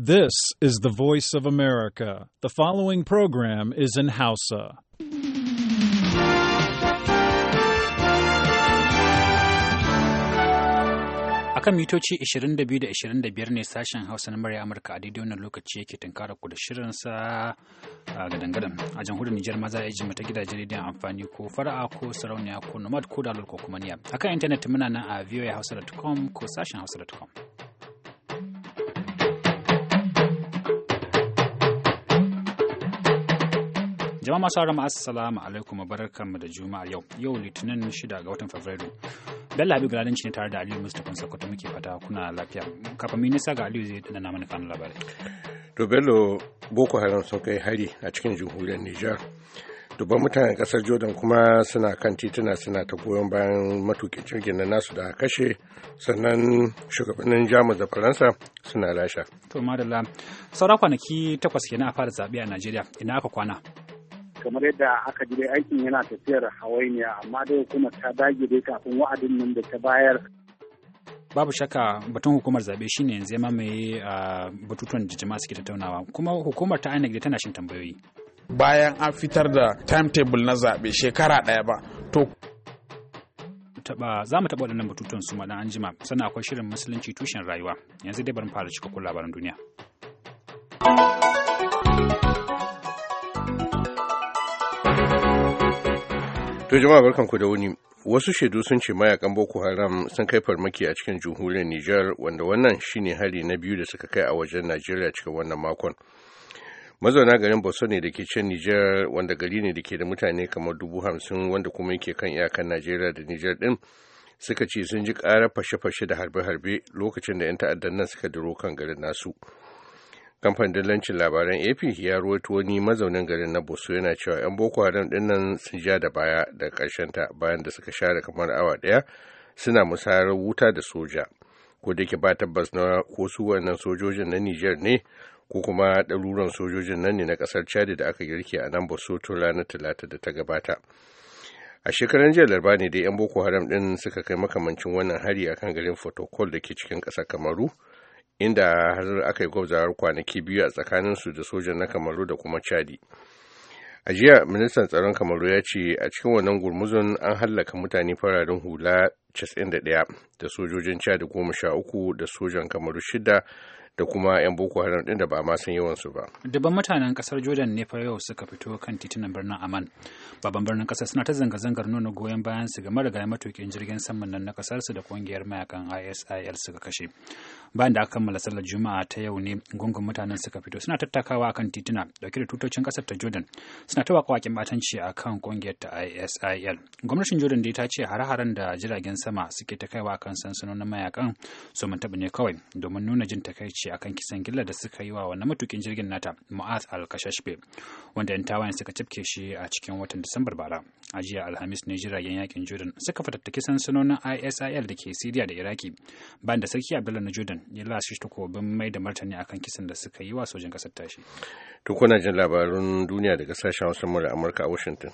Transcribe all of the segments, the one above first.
This is the voice of America. The following program is in Hausa. Akan mitoci 22 da 25 ne sashen Hausa na murya Amurka a daidai wannan lokaci yake tunkara ku da shirinsa a gadangadan. A jamhuriyar Nijar maza ya a ta gidajen rediyon amfani ko fara'a ko sarauniya ko nomad ko dalol ko kuma niya. Akan intanet muna nan a voahausa.com ko sashen hausa.com. Jama'a masu haramu assalamu alaikum barkanmu da juma'a yau yau litinin shida ga watan Fabrairu. Bello ga Galadanci ne tare da Aliyu Mustapha Sokoto muke fata kuna lafiya. Kafin mun nisa ga Aliyu zai dana mana labarai. To Bello Boko Haram sun kai hari a cikin jamhuriyar Nijar. Dubban mutanen kasar Jordan kuma suna kan tituna suna ta goyon bayan matukin jirgin na nasu da kashe sannan shugabannin Jamus da Faransa suna lasha To madalla saura kwanaki takwas kenan a fara zaɓe a Najeriya ina aka kwana. kamar yadda aka ji aikin yana tafiyar hawainiya amma dai hukumar ta dage dai kafin wa'adin nan da ta bayar babu shakka batun hukumar zabe shine yanzu ya mamaye batutuwan jijima suke tattaunawa kuma hukumar ta ainihin tana shin tambayoyi bayan an fitar da timetable na zabe shekara daya ba to taba za mu taba waɗannan batutuwan su madan anjima sannan akwai shirin musulunci tushen rayuwa yanzu dai bari fara cika labaran duniya To jama'a barkanku da wuni. Wasu shaidu sun ce mayakan Boko Haram sun kai farmaki a cikin jamhuriyar Nijar wanda wannan shine hari na biyu da suka kai a wajen Najeriya cikin wannan makon. Mazauna garin Boso ne da ke can Nijar wanda gari ne da ke da mutane kamar dubu hamsin wanda kuma yake kan iyakan Najeriya da Nijar din suka ce sun ji ƙarar fashe-fashe da harbe-harbe lokacin da 'yan ta'addan nan suka duro kan garin nasu. kamfanin dillancin labaran ap ya ruwaito wani mazaunin garin na boso yana cewa 'yan boko haram dinnan sun ja da baya da karshen ta bayan da suka share kamar awa daya suna musayar wuta da soja ko da ke ba tabbas na ko su wannan sojojin na niger ne ko kuma ɗaruran sojojin nan ne na ƙasar chad da aka girke a nan boso tun ranar talata da ta gabata a shekaran jiya larba ne dai 'yan boko haram din suka kai makamancin wannan hari akan garin fotokol da ke cikin ƙasar kamaru inda har aka yi gwabzawar kwanaki biyu a tsakaninsu da sojan na kamaru da kuma chadi a jiya ministan tsaron kamaru ya ce a cikin wannan gurmuzun an hallaka mutane fararen hula 91 da sojojin chadi 13 da sojan kamaru shida da kuma 'yan boko haram din da ba ma san su ba. Dubban mutanen kasar Jordan ne fa yau suka fito kan titunan birnin Amman. baban birnin kasar suna ta zanga-zangar nuna goyon bayan su ga marigayi matukin jirgin saman nan na ƙasar su da kungiyar mayakan ISIL suka kashe. Bayan da aka kammala sallar Juma'a ta yau ne gungun mutanen suka fito suna tattakawa akan tituna dauke da tutocin kasar ta Jordan suna ta waƙe-waƙen batanci akan kungiyar ta ISIL. Gwamnatin Jordan dai ta ce hare-haren da jiragen sama suke ta kaiwa kan sansanonin mayakan su mun ne kawai domin nuna jin takaici akan kisan gillar da suka yi wa wannan matukin jirgin nata Mu'az al-Kashashbe wanda yan tawayen suka cifke shi a cikin watan Disambar bara. A jiya Alhamis ne jiragen yakin Jordan suka kisan sansanonin ISIL da ke Siriya da Iraki bayan da sarki abdullahi na Jordan ya lashe takobin mai da martani akan kisan da suka yi wa sojin kasar tashi. Duk kuna jin labarun duniya daga sashen a Amurka a Washington.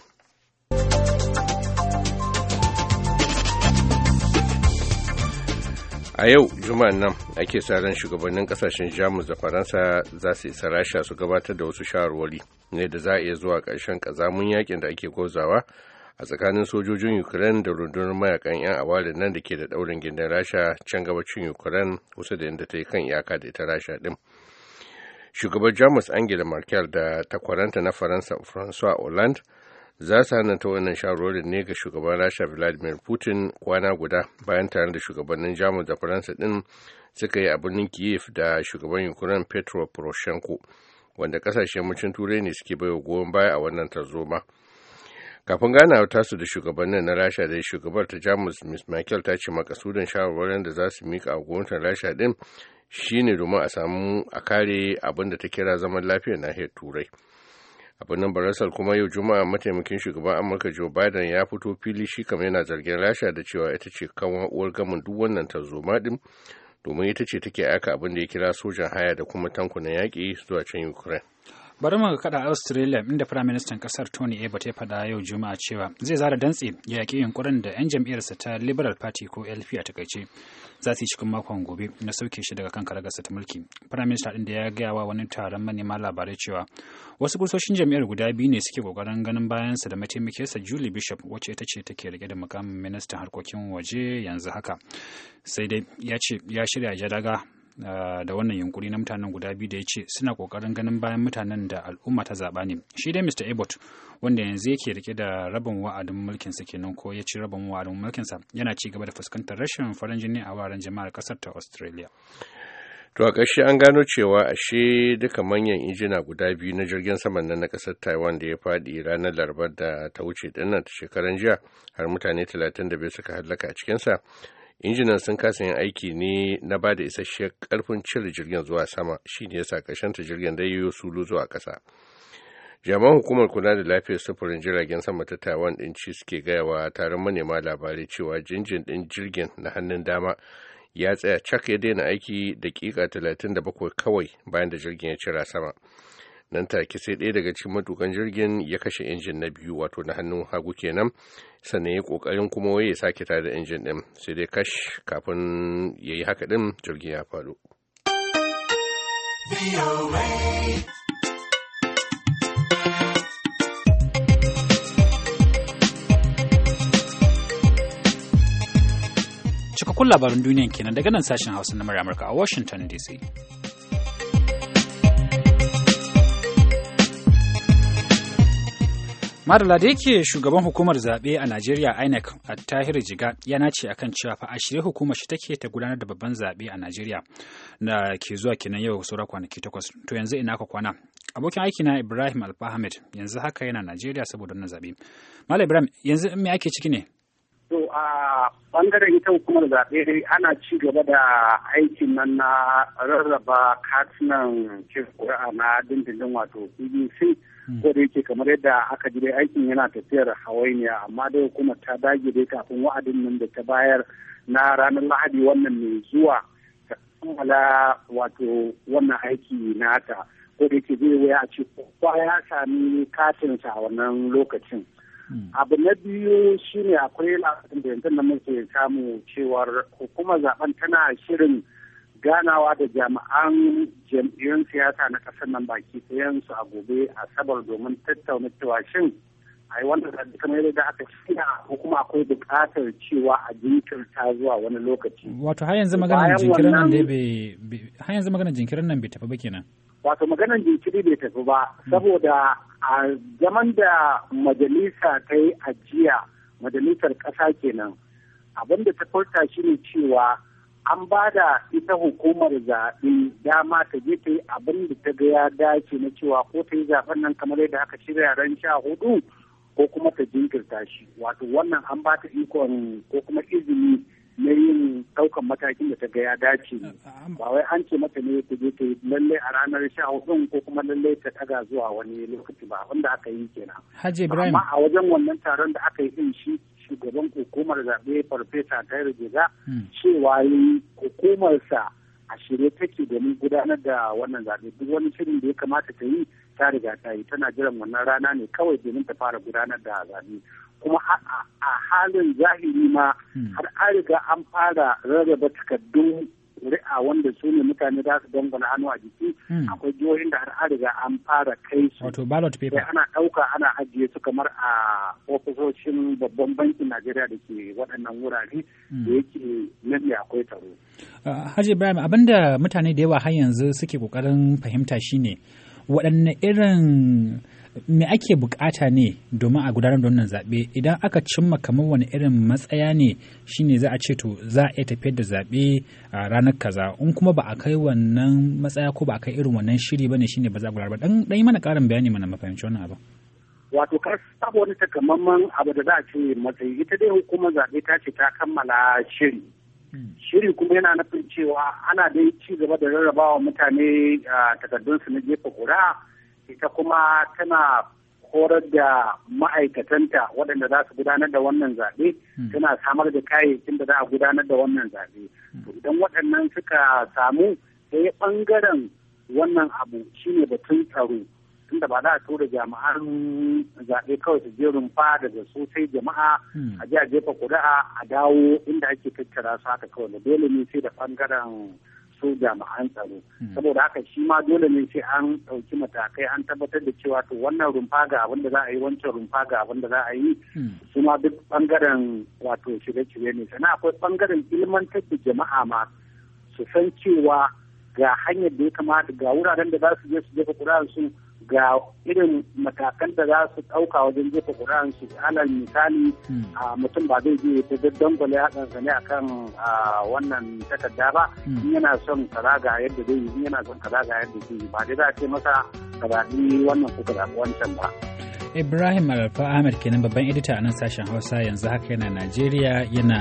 a yau juma'an nan ake sa ran shugabannin kasashen jamus da faransa za su isa rasha su gabatar da wasu shawarwari ne da za a iya zuwa ƙarshen ƙazamin yakin da ake gozawa a tsakanin sojojin ukraine da rundunar mayakan 'yan awalin nan da ke da ɗaurin gindin rasha can gabacin ukraine kusa da inda ta yi kan iyaka da ita rasha ɗin shugaban jamus angela merkel da takwaranta na faransa francois hollande za su hana ta wannan shawarwarin ne ga shugaban rasha vladimir putin kwana guda bayan tare da shugabannin jamus da faransa din suka yi a birnin kiev da shugaban ukraine petro poroshenko wanda kasashe mucin turai ne suke baiwa goyon baya a wannan tarzoma kafin ta su da shugabannin na rasha da shugabar ta jamus miss michael ta ce makasudan shawarwarin da za su mika a gwamnatin rasha din shine domin a samu a kare abin da ta kira zaman lafiyar nahiyar turai a birnin barasal kuma yau juma'a mataimakin shugaban amurka joe biden ya fito fili shi kamar yana zargin rasha da cewa ita ce kan uwar gamin duk wannan tarzoma din domin ita ce take aika abin da ya kira sojan haya da kuma tankunan yaƙi zuwa can ukraine bari mu kada australia inda firaministan kasar tony abbott ya faɗa yau juma'a cewa zai zara dantse ya yaƙi yunkurin da 'yan jam'iyyarsa ta liberal party ko lp a takaice za su yi cikin makon gobe na sauke shi daga kan karagarsa ta mulki firaminista ɗin da ya gaya wa wani taron manema labarai cewa wasu kusoshin jam'iyyar guda biyu ne suke kokarin ganin bayansa da sa julie bishop wacce ita ce take rike da mukamin ministan harkokin waje yanzu haka sai dai ya ce ya shirya jaraga. da wannan yunkuri na mutanen guda biyu da ya ce suna kokarin ganin bayan mutanen da al'umma ta zaɓa ne shi dai mr abbott wanda yanzu yake rike da rabin wa'adin mulkinsa kenan ko ya ci rabin wa'adin mulkinsa yana ci gaba da fuskantar rashin farin jini a wuraren jama'ar kasar ta australia To a ƙarshe an gano cewa ashe duka manyan injina guda biyu na jirgin saman nan na ƙasar Taiwan da ya faɗi ranar Larabar da ta wuce dinnan ta shekaran jiya har mutane talatin da biyu suka hallaka a cikinsa injinan sun kasa yin aiki ne na ba da isasshen karfin cire jirgin zuwa sama shi shine yasa ta jirgin da yiwu sulu zuwa ƙasa jami'an hukumar kula da lafiyar sufurin jiragen sama ta taiwan din ci suke gayawa taron manema labarai cewa jinjin din jirgin na hannun dama ya tsaya cak ya daina aiki talatin da bakwai kawai bayan da jirgin ya cira sama nan take sai ɗaya daga cikin matukan jirgin ya kashe injin na biyu wato na hannun hagu kenan sannan ya kokarin kuma waye ya sake tare da injin din sai dai kash kafin ya yi haka din jirgin ya faɗo. Cikakkun labarin duniyan kenan daga nan sashen Hausa na Amurka a Washington DC. Madala da yake shugaban hukumar zaɓe a Najeriya INEC a Tahir Jiga yana ce akan cewa fa a shirye hukumar shi take ta gudanar da babban zaɓe a Najeriya da ke zuwa kenan yau saura kwanaki takwas. To yanzu ina ka kwana. Abokin aiki na Ibrahim alfahmed yanzu haka yana Najeriya saboda wannan zaɓe. Malam Ibrahim yanzu me ake ciki ne? To a bangaren ita hukumar zaɓe ana ci gaba da aikin nan na rarraba katunan cin ƙuri'a na dindindin wato BBC. Hmm. ko da yake kamar yadda aka ji dai aikin yana tafiyar hawainiya amma dai hukumar ta dage dai kafin wa'adin nan da ta bayar na ranar lahadi wannan mai zuwa ta kammala wato wannan aiki nata ko da yake zai waya a ce kowa ya sami katinsa a wannan lokacin hmm. abu na biyu shine akwai labarin da yanzu na muke samu cewar hukumar zaben tana shirin ganawa da jami'an jam'iyyun siyasa na ƙasar nan baki ɗayansu a gobe a sabar domin tattauna cewa shin a yi wanda kamar yadda aka shirya ko kuma akwai buƙatar cewa a jinkirta zuwa wani lokaci. Wato har yanzu maganar jinkirin nan bai har yanzu maganar jinkirin nan bai tafi ba kenan. Wato maganar jinkiri bai tafi ba hmm. saboda a zaman da majalisa ta yi ajiya majalisar ƙasa kenan abin da ta furta shi ne cewa an ba da ita hukumar zaɓe dama ta je ta yi abin da ta ga ya dace na cewa ko ta yi zaɓen nan kamar yadda aka shirya ran sha hudu ko kuma ta jinkirta shi wato wannan an ba ta ikon ko kuma izini na yin ɗaukan matakin da ta ga ya dace ah, ah, ba wai an ce mata ne ta je ta yi lallai a ranar sha hudun ko kuma lallai ta ɗaga zuwa wani lokaci ba wanda aka yi kenan. haji Ibrahim. Amma a wajen wannan taron da aka yi din shi shugaban hukumar zaɓe farfesa ta rigega hmm. cewa hukumar hukumarsa a shirye take domin gudanar da wannan zaɓe duk wani shirin da ya kamata ta yi ta riga ta yi tana jiran wannan rana ne kawai domin ta fara gudanar da zaɓe. kuma a halin zahiri ma hmm. har an riga an fara rarraba takardun ri'a wanda su ne mutane za su dangana hannu a jiki hmm. akwai jihohin da har an riga an fara kai su wato ballot paper ana ɗauka ana ajiye su kamar a ofisoshin babban bankin Najeriya da ke waɗannan wurare hmm. da yake nan akwai taro uh, Haji Ibrahim abinda mutane da yawa har yanzu suke kokarin fahimta shine waɗanne irin me ake bukata ne domin a gudanar da wannan zaɓe idan aka cimma kamar wani irin matsaya ne shine za a ce to za a iya tafiyar da zaɓe a ranar kaza in kuma ba a kai wannan matsaya ko ba a kai irin wannan shiri bane shine ba za a gudanar ba dan yi mana karin bayani mana mafahimci wannan abu wato kar sabo wani takamaiman abu da za a ce matsayi ita dai hukumar zaɓe ta ce ta kammala shiri hmm. shiri kuma yana nufin cewa ana dai ci gaba da rarrabawa mutane takardunsu na jefa ƙuri'a ita kuma tana horar da ma'aikatanta waɗanda za su gudanar da wannan zaɓe hmm. tana samar da kayayyakin da za a gudanar da wannan zaɓe hmm. to idan waɗannan suka samu sai ɓangaren wannan abu shine batun tsaro tunda ba za a tura jama'an zaɓe kawai su je rumfa daga sosai jama'a hmm. a ji a jefa kuri'a a dawo inda ake tattara su haka kawai da dole ne sai da ɓangaren so jami'an tsaro hmm. saboda haka shi ma dole ne sai an ɗauki matakai an tabbatar da cewa to wannan rumfa ga abin da za a yi wancan rumfa ga abin da za a yi hmm. su ma duk bangaren wato shirye-shirye ne sannan akwai ɓangaren ilmantar da jama'a ma su san cewa ga hanyar da ya kamata ga wuraren da za su je su jefa kuraren su ga irin matakan da za su ɗauka wajen jefa ƙuri'an su alal misali hmm. mutum ba zai je ta daddangwale haɗansa a akan wannan takarda ba hmm. in yana son kaza ga yadda zai yi in yana son kaza ga yadda zai yi ba dai za a ce masa ka zaɓi wannan ko ka zaɓi wancan ba. Ibrahim Alfa Ahmed kenan babban edita a nan sashen Hausa yanzu haka yana Najeriya yana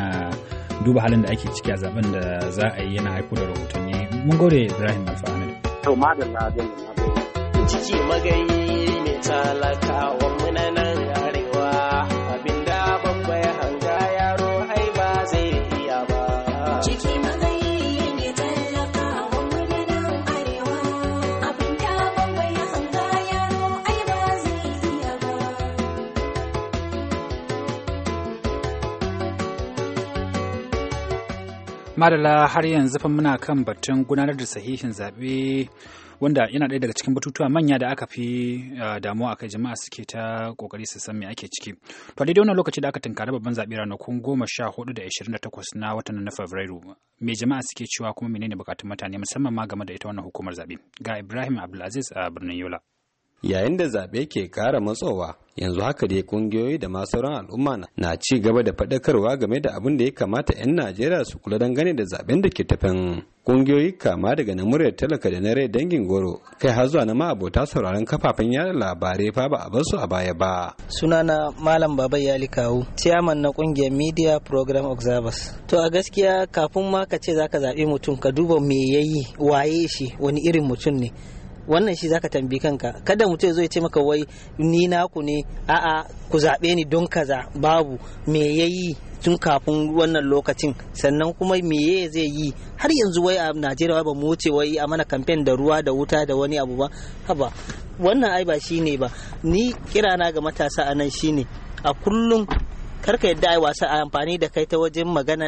duba halin da ake ciki a zaben da za a yi yana haiko da rahotanni. Mun gode Ibrahim Alfa Ahmed. To madalla ciki magayi ne wa munanan arewa abin da ya hanga yaro ai ba zai iya ba ciki magayi ne wa munanan arewa abin da ya hanga yaro ai ba zai iya ba madala har yanzu fa muna kan batun gudanar da sahihin zaɓe wanda yana ɗaya daga cikin batutuwa manya da aka fi damuwa a kai jama'a suke ta ƙoƙari su san me ake ciki to a daidai wannan lokaci da aka tunkari babban zaɓe ranakun goma sha hudu da ashirin da takwas na watan na fabrairu me jama'a suke cewa kuma menene bukatun mutane musamman ma game da ita wannan hukumar zaɓe ga ibrahim abdulaziz a birnin yola yayin da zaɓe ke ƙara matsowa yanzu haka dai ƙungiyoyi da ma sauran al'umma na ci gaba da faɗakarwa game da abin da ya kamata 'yan najeriya su kula gane da zaɓen da ke tafin kungiyoyi kama daga na muryar talaka da na rai dangin goro kai har zuwa na ma'abota sauraron kafafen yada labarai fa ba a bar su a baya ba sunana malam baba yali kawu ciyaman na kungiyar media program observers to a gaskiya kafin ma ka ce zaka zaɓi mutum ka duba me yayi waye shi wani irin mutum ne wannan shi zaka tambi kanka kada mutum ya zo ya ce maka wai ni naku ne a'a ku zaɓe ni don kaza babu me yayi tun kafin wannan lokacin sannan kuma meye zai yi har yanzu wai a najeriya ba mu wuce wai a mana kamfen da ruwa da wuta da wani abu ba haba wannan ai ba shine ba ni kirana ga matasa a nan shine a kullum kar ka yadda ai wasa a amfani da kai ta wajen magana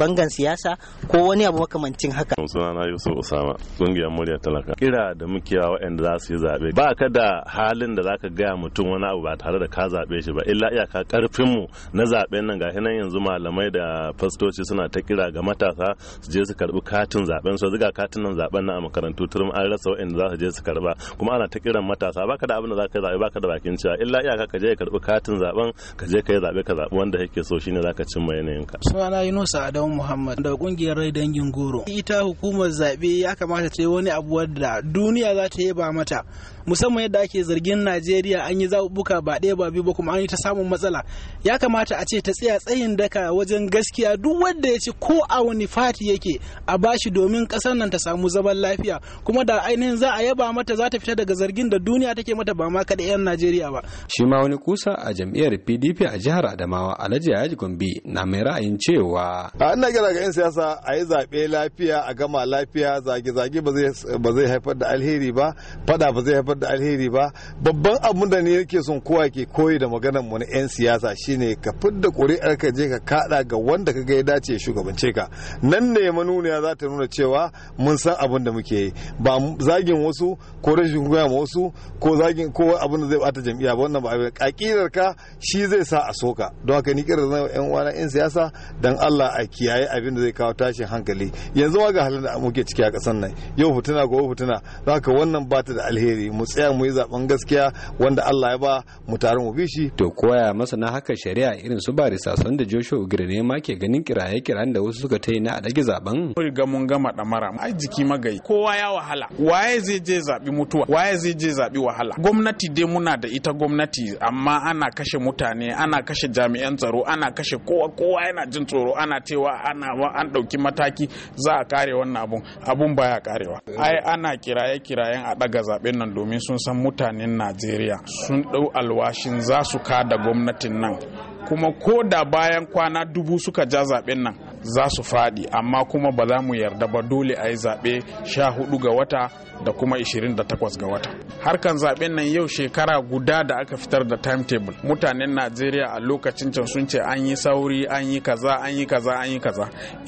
bangan siyasa ko wani abu makamancin haka na Yusuf Usama kungiyar murya talaka kira da muke wa waɗanda za su yi zaɓe ba ka da halin da zaka gaya mutum wani abu ba tare da ka zaɓe shi ba illa iyaka karfin mu na zaɓen nan ga nan yanzu malamai da fastoci suna ta kira ga matasa su je su karɓi katin zaɓen su zuga katin nan zaɓen nan a makarantu turum an rasa waɗanda za su je su karɓa kuma ana ta kiran matasa ba ka da abin da zaka zaɓe ba ka da bakin cewa illa iyaka ka je ka karɓi katin zaɓen ka je ka yi zaɓe ka zaɓe wanda yake so shine zaka cimma yanayinka sunana Yunusa Adamu Muhammad daga kungiyar Rai Dangin Goro ita hukumar zabe ya kamata ta wani abu wadda duniya za ta yaba mata musamman yadda ake zargin Najeriya an yi zabubuka ba ɗaya ba biyu ba kuma an yi ta samun matsala ya kamata a ce ta tsaya tsayin daka wajen gaskiya duk wanda ya ci ko a wani fati yake a bashi domin ƙasar nan ta samu zaman lafiya kuma da ainihin za a yaba mata za ta fita daga zargin da duniya take mata ba ma kaɗai 'yan Najeriya ba. Shi ma wani kusa a jam'iyyar PDP a jihar Adamawa. adamawa alhaji yaji gombe na mai ra'ayin cewa a ina gina ga 'yan siyasa a yi zaɓe lafiya a gama lafiya zage-zage ba zai haifar da alheri ba fada ba zai haifar da alheri ba babban abun da ne yake son kowa ke koyi da maganar mu na 'yan siyasa shine ka fidda ƙuri'ar ka je ka kaɗa ga wanda ka ga ya dace shugabance ka nan ne manuniya za ta nuna cewa mun san abin da muke yi ba zagin wasu ko rashin goya ma wasu ko zagin ko abin da zai bata jam'iyya ba wannan ba ƙaƙirar ka shi zai sa a soka don don haka ni kira zan yan uwana yan siyasa dan Allah a kiyaye abin da zai kawo tashin hankali yanzu ma halin da muke ciki a kasan nan yau fituna ko fituna don haka wannan ba ta da alheri mu tsaya mu yi zaben gaskiya wanda Allah ya ba mu tare mu bi shi to koya masana haka shari'a irin su barisa son da Joshua Ugire ne ma ke ganin kiraye kiran da wasu suka ta yi na a dage zaben kun ga mun gama damara ai jiki magai kowa ya wahala waye zai je zabi mutuwa waye zai je zabi wahala gwamnati dai muna da ita gwamnati amma ana kashe mutane ana kashe jami'a. jami'an tsaro ana kashe kowa kowa yana jin tsoro ana cewa ana an ɗauki mataki za a kare wannan abun abun baya karewa ai ana kiraye kirayen a ɗaga zaben nan domin sun san mutanen najeriya sun dau alwashin za su kada gwamnatin nan kuma ko da bayan kwana dubu suka ja zaɓen nan za su faɗi amma kuma ba za mu yarda ba dole a yi zaɓe sha hudu ga wata da kuma 28 ga wata harkan zaɓen nan yau shekara guda da aka fitar da timetable mutanen najeriya a lokacin can sun ce an yi sauri an yi kaza an yi kaza an yi kaza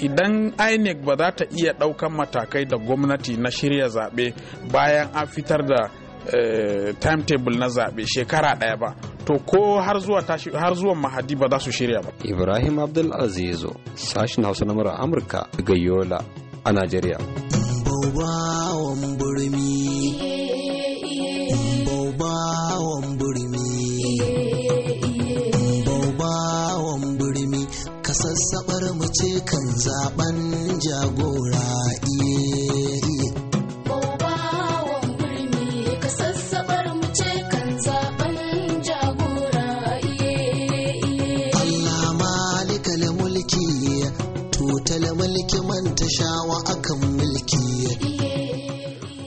idan inec ba za ta iya ɗaukan matakai da gwamnati na shirya zaɓe bayan an fitar da Eh, timetable na zaɓe shekara ɗaya ba to ko har zuwa har zuwa mahadi ba za su shirya ba ibrahim abdul azizo sashin hausa na mura amurka daga yola a najeriya Sassaɓar ce kan zaɓen jago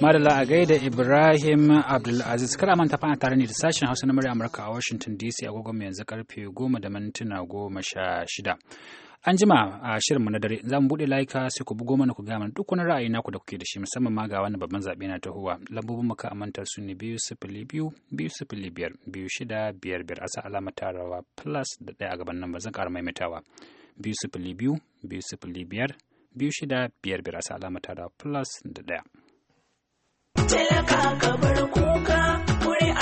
madala a gaida ibrahim abdulaziz kada manta fana tare ne da sashen hausa na murya amurka a washington dc agogon mai yanzu karfe goma da mintuna goma sha shida an jima a shirinmu na dare za mu buɗe layuka sai ku bugo mana ku gaya mana duk wani ra'ayi naku da kuke da shi musamman ma ga wani babban zaɓe na tahowa lambobin mu ka amantar su ne biyu sifili biyu biyu sifili biyar biyu shida biyar biyar asa alama tarawa plus da ɗaya a gaban nan ba zan ƙara maimaitawa biyu sifili biyu biyu sifili biyar biyu shida biyar biyar asa alama tarawa plus da ɗaya. Talaka ka bar kuka,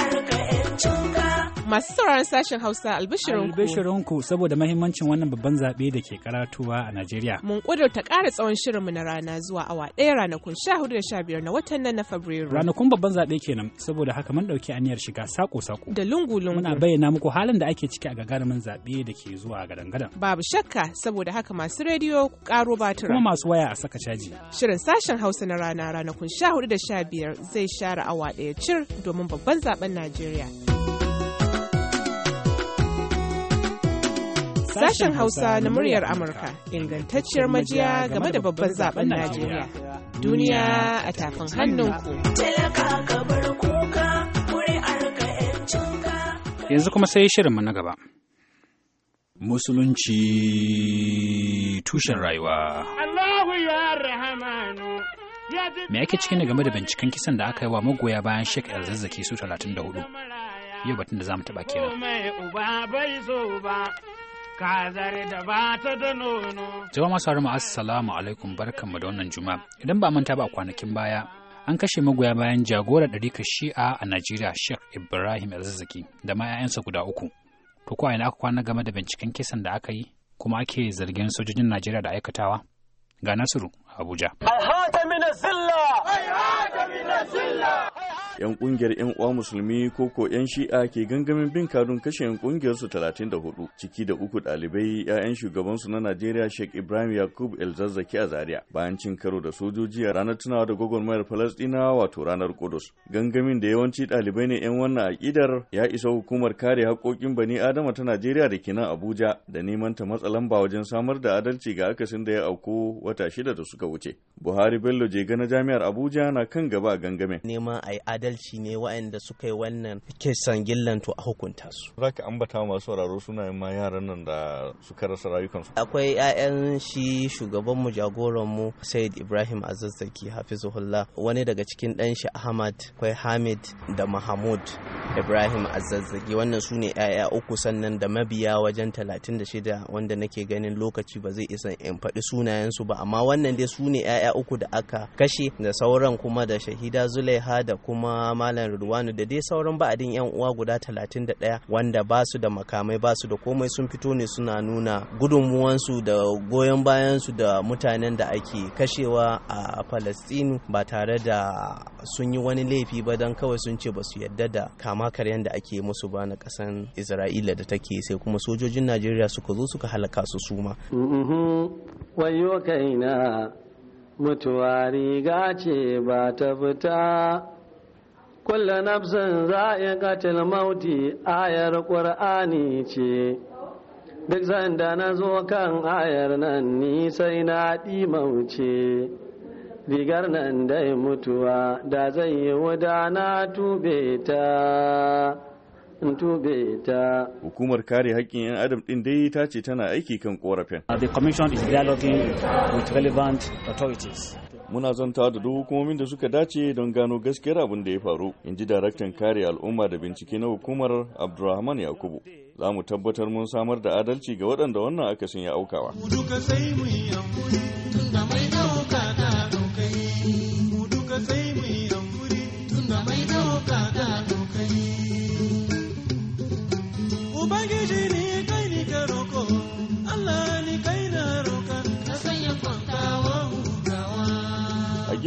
arka ka 'yancinka. Masu sauraron sashen Hausa albishirinku. Albishirinku saboda mahimmancin wannan babban zaɓe da ke karatuwa a Najeriya. Mun ƙudurta ƙara tsawon shirinmu na rana zuwa awa ɗaya ranakun sha hudu da sha biyar na watan nan na Fabrairu. Ranakun babban zaɓe kenan saboda haka mun ɗauki aniyar shiga sako-sako. Da lungu-lungu. Muna bayyana muku halin da ake ciki a gagarumin zaɓe da ke zuwa gadan-gadan. Babu shakka saboda haka masu rediyo ƙaro batura. Kuma masu waya a saka caji. Shirin sashen Hausa na rana ranakun sha hudu da sha biyar zai share awa ɗaya cir domin babban zaɓen Najeriya. Sashen Hausa na muryar Amurka ingantacciyar majiya game da babban zaben Najeriya. Duniya a tafin hannunku. Yanzu kuma sai shirinmu na gaba. Musulunci tushen rayuwa. Allahu ya rahamanu. Me ake cikin game da binciken kisan da aka yi wa magoya bayan Sheikh zazzaki su 34? Yau batun da za mu taɓa kenan. zare da ba ta da nono. masu assalamu alaikum barkanmu da wannan Juma. Idan ba manta ba a kwanakin baya an kashe magoya bayan jagora ɗarika shi'a a Najeriya Sheikh Ibrahim Alzazzaki da ma 'ya'yansa guda uku. To ko ina aka kwana game da binciken kisan da aka yi kuma ake zargin sojojin Najeriya da aikatawa? Ga Nasiru Abuja. Alhata mina zilla 'yan kungiyar 'yan uwa musulmi ko ko 'yan shi'a ke gangamin bin kadun kashe 'yan kungiyar su 34 ciki da uku ɗalibai 'ya'yan shugabansu na Najeriya Sheikh Ibrahim Yakub El Zazzaki a Zaria bayan cin karo da sojoji a ranar tunawa da gwagwarmayar Falasɗina wato ranar Kudus. Gangamin da yawanci ɗalibai ne 'yan wannan akidar ya isa hukumar kare haƙoƙin bani Adama ta Najeriya da ke nan Abuja da neman ta matsa lamba wajen samar da adalci ga akasin da ya auku wata shida da suka wuce. Buhari Bello Jega na Jami'ar Abuja na kan gaba gangamin. Neman a yi adalci ne waɗanda suka yi wannan kisan gillan to a hukunta su. Za ka ambata masu sauraro suna ma yaran nan da suka rasa rayukansu. Akwai 'ya'yan shi shugaban mu jagoran mu Said Ibrahim Azazzaki Hafizullah wani daga cikin dan shi Ahmad akwai Hamid da Mahmud Ibrahim Azazzaki wannan su ne 'ya'ya uku sannan da mabiya wajen 36 wanda nake ganin lokaci ba zai isa in faɗi sunayensu ba amma wannan dai su ne 'ya'ya uku da aka kashe da sauran kuma da shahida Zulaiha da kuma malam Ridwanu da dai sauran ba'adin yan uwa guda 31 wanda ba su da makamai ba su da komai sun fito ne suna nuna gudunmuwansu da goyon bayansu da mutanen da ake kashewa a Falastinu ba tare da sun yi wani laifi ba don kawai sun ce ba su yadda da kama karyan da ake musu ba na kasan Isra'ila da take sai kuma sojojin Najeriya suka zo suka halaka su suma. mutuwa riga ce ba ta fita kulle nafsin za'iqatul mauti ayar qur'ani ce duk sanda na zo kan ayar nan ni sai na ɗi mauce rigar nan dai mutuwa da zai yi wuda na tube ta tube ta hukumar kare haƙƙin 'yan adam ɗin dai ta ce tana aiki kan ƙorafin. the commission is dialoguing with relevant authorities muna zantawa da duk hukumomin da suka dace don gano gaskiyar abin da ya faru in ji daraktan kare al'umma da bincike na hukumar abdulrahman yakubu za mu tabbatar mun samar da adalci ga waɗanda wannan akasin ya aukawa. Duka sai mu yi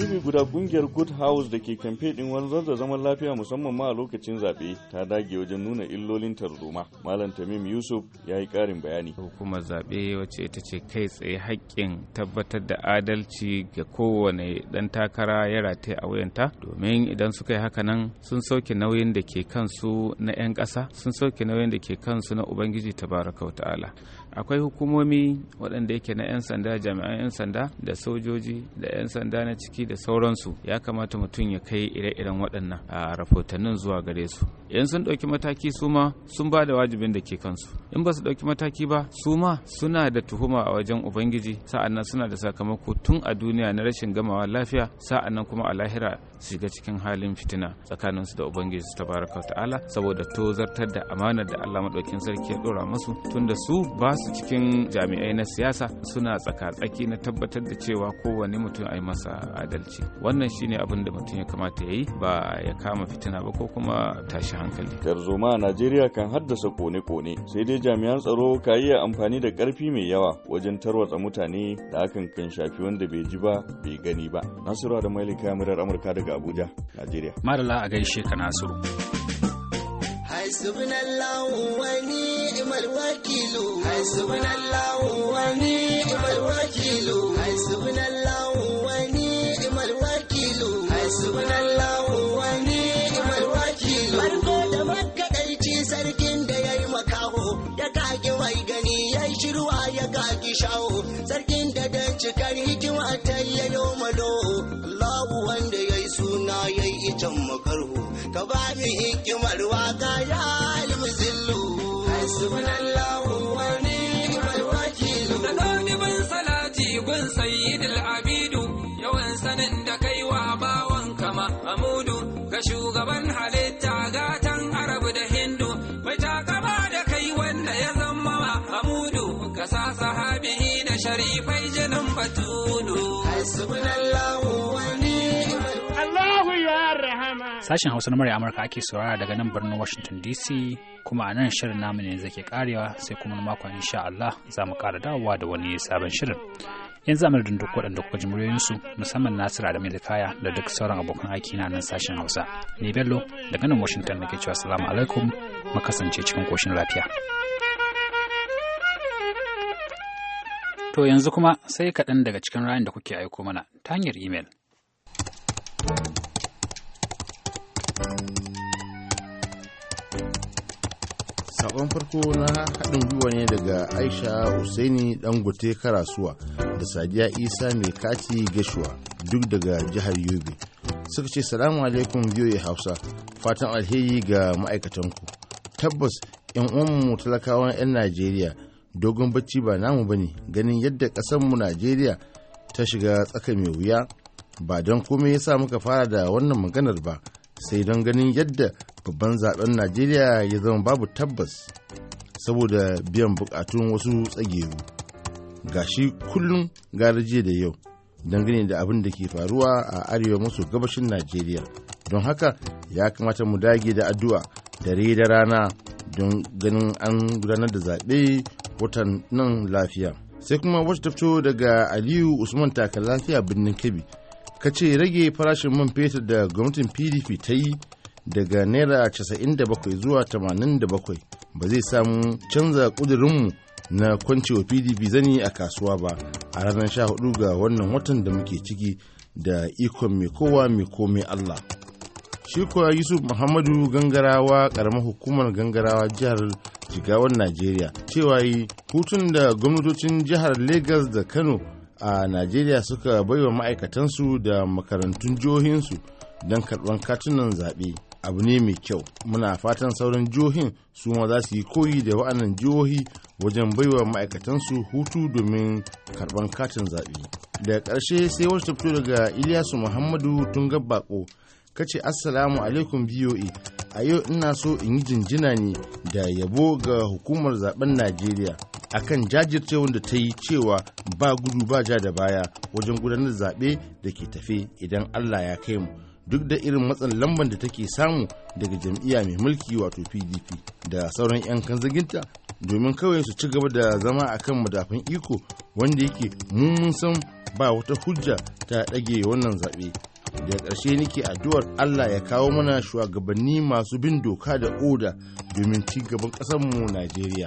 gefe guda kungiyar good house da ke kamfe din wanzar da zaman lafiya musamman ma a lokacin zaɓe ta dage wajen nuna illolin tarzoma malam tamim yusuf ya yi ƙarin bayani hukumar zaɓe wacce ita ce kai tsaye haƙƙin tabbatar da adalci ga kowane ɗan takara ya rataye a wuyanta domin idan suka yi haka nan sun sauke nauyin da ke kansu na 'yan ƙasa sun sauke nauyin da ke kansu na ubangiji tabaraka wa ta'ala akwai hukumomi waɗanda yake na 'yan sanda jami'an 'yan sanda da sojoji da 'yan sanda na ciki da sauransu ya kamata mutum ya kai ire-iren waɗannan a rahotannin zuwa gare su yan sun ɗauki mataki su ma sun ba da wajibin da ke kansu in ba su ɗauki mataki ba su ma suna da tuhuma a wajen ubangiji sa'annan suna da sakamako tun a duniya na rashin gamawa lafiya sa'annan kuma a lahira shiga cikin halin fitina tsakaninsu da ubangiji su tabaraka ta'ala saboda tozartar da amanar da Allah madaukin sarki ya dora musu tunda su ba su cikin jami'ai na siyasa suna tsakatsaki na tabbatar da cewa kowane mutum a yi masa adalci wannan shine abin da mutum ya kamata ya yi ba ya kama fitina ba ko kuma tashi hankali tarzoma a najeriya kan haddasa kone-kone sai dai jami'an tsaro ka iya amfani da karfi mai yawa wajen tarwatsa mutane da hakan kan shafi wanda bai ji ba bai gani ba nasiru da mailika murar amurka daga daga Abuja, Najeriya. Marala a gaishe ka Nasiru. sarkin da yayi makaho ya mai gani yayi shirwa ya shawo sarkin da dan cikar hikima ta yau malo bi hikimar waka ya almuzillu. Hasbunallahu Sashen Hausa na murya Amurka ake saurara daga nan birnin Washington DC kuma a nan shirin namu ne zake karewa sai kuma na makon insha Allah za mu kara dawowa da wani sabon shirin. Yanzu a da duk waɗanda kuka ji musamman Nasiru da Kaya da duk sauran abokan aiki na nan sashen Hausa. ne Bello daga nan Washington nake cewa salamu alaikum mu kasance cikin koshin lafiya. To yanzu kuma sai kaɗan daga cikin ra'ayin da kuke aiko mana ta hanyar imel. sakon farko na haɗin gwiwa ne daga aisha husaini dangote karasuwa da sadiya isa mai kati gashuwa duk daga jihar yobe suka ce salamu alaikum ya hausa fatan alheri ga ma'aikatanku tabbas yan uwanmu talakawan 'yan najeriya dogon bacci ba namu bane ganin yadda mu najeriya ta shiga tsaka mai wuya ba don komai ya sa muka fara da wannan maganar ba sai don ganin yadda babban zaben najeriya ya zama babu tabbas saboda biyan bukatun wasu tsageru gashi kullum garaje da yau dangane da abin da ke faruwa a arewa maso gabashin najeriya don haka ya kamata mu dage da addu'a dare da rana don ganin an gudanar da zaɓe watan nan lafiya sai kuma wata ta daga aliyu usman taka lafiya birnin kebbi ka ce rage farashin man fetur da gwamnatin pdp ta yi daga naira 97 zuwa 87 ba zai samu canza kudurinmu na kwancewa pdp zani a kasuwa ba a ranar 14 ga wannan watan da muke ciki da ikon mai kowa mai komai allah shi kuwa yusuf muhammadu gangarawa karamar hukumar gangarawa jihar Jigawar najeriya cewa yi hutun da gwamnatocin jihar Legas da kano a najeriya suka baiwa ma'aikatansu da makarantun jihohinsu don karɓar katunan zaɓe abu ne mai kyau muna fatan sauran jihohin su ma za su yi koyi da wa'annan jihohi wajen baiwa ma'aikatansu hutu domin karɓar katin zaɓe daga ƙarshe sai wata fito daga ilyasu muhammadu tun bako ka ce assalamu alaikum voa a yau ina so in yi jinjina ne da yabo ga hukumar zaben najeriya akan jajircewar da ta yi cewa ba gudu ba ja da baya wajen gudanar zaɓe da ke tafe idan allah ya kai mu duk da irin matsan lamban da take samu daga jam'iyya mai mulki wato pdp da sauran 'yan kanzaginta domin kawai su ci gaba da zama a kan madafin iko wanda yake mun san ba wata hujja ta ɗage wannan zaɓe da ƙarshe nake addu'ar Allah ya kawo mana shugabanni masu bin doka da oda domin ci gaban ƙasarmu Najeriya.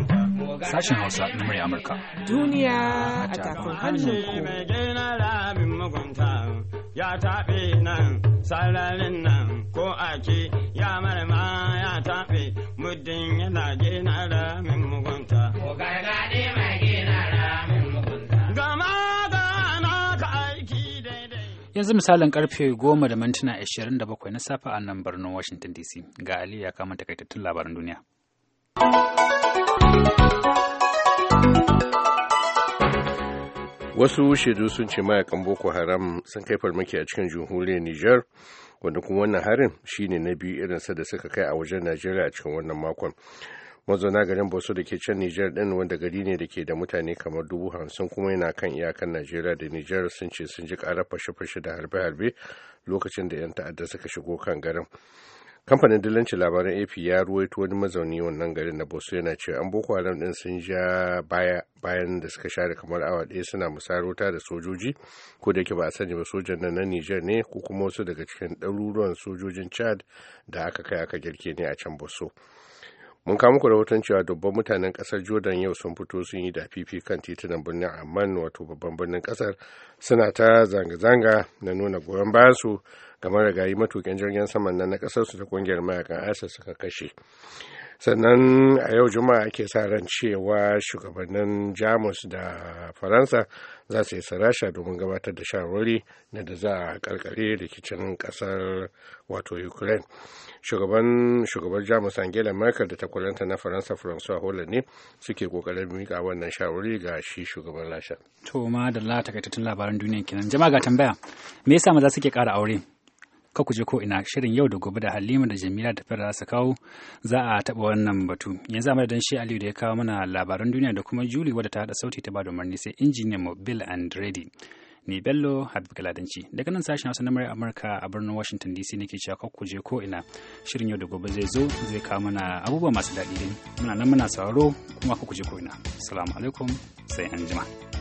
sashen Hausa na murya Amurka. Duniya a takon tafin hannunku. Ya taɓe nan, sararin nan, ko ake ya marma ya taɓe muddin yana gina ramin mugunta. Ko gargaɗe mai gina ramin mugunta. Gama Yanzu misalin karfe goma da mintuna ashirin da bakwai na safe a nan birnin Washington DC ga Ali ya kama takaitattun labaran duniya. wasu shaidu sun ce mayakan boko haram sun kai farmaki a cikin jamhuriyar niger wanda kuma wannan harin shine na biyu irinsa da suka kai a wajen najeriya a cikin wannan makon mazauna garin boso da ke can niger din wanda gari ne da ke da mutane kamar dubu hamsin kuma yana kan iyakan najeriya da niger sun ce sun ji karar fashe-fashe da harbe-harbe lokacin da 'yan ta'adda suka shigo kan garin kamfanin dillancin labaran ap ya ruwaito wani mazauni wannan garin na boso yana cewa an boko haram din sun ja baya bayan da suka share kamar awa ɗaya suna musarota da sojoji ko da yake ba a sani ba sojan nan na niger ne ko kuma wasu daga cikin ɗaruruwan sojojin chad da aka kai aka girke ne a can boso mun kawo muku rahoton cewa dubban mutanen kasar jordan yau sun fito sun yi da fifi kan titunan birnin amman wato babban birnin kasar suna ta zanga-zanga na nuna goyon bayansu kamar rigayi matukin jirgin saman nan na ƙasarsu ta ƙungiyar mayakan isis suka kashe sannan a yau juma'a ake sa ran cewa shugabannin jamus da faransa za su yi sarasha domin gabatar da shawarwari na da za a karkare rikicin kasar wato ukraine shugaban shugabar jamus angela merkel da takwaranta na faransa francois holland ne suke kokarin mika wannan shawarwari ga shi shugaban rasha to ma da la takaitattun labaran duniya kenan jama'a ga tambaya me yasa maza suke ƙara aure ka kuje ko ina shirin yau da gobe da Halima da Jamila da Fara su kawo za a taɓa wannan batu. Yanzu a madadin shi Aliyu da ya kawo mana labaran duniya da kuma juli wadda ta haɗa sauti ta bada umarni sai injiniyan mu Bill and Ready. Ni Bello Habib Galadanci daga nan sashen Hausa na murya Amurka a birnin Washington DC nake cewa ka kuje ko ina shirin yau da gobe zai zo zai kawo mana abubuwa masu daɗi. Muna nan muna sauraro kuma ka kuje ko ina. salamu alaikum sai anjima.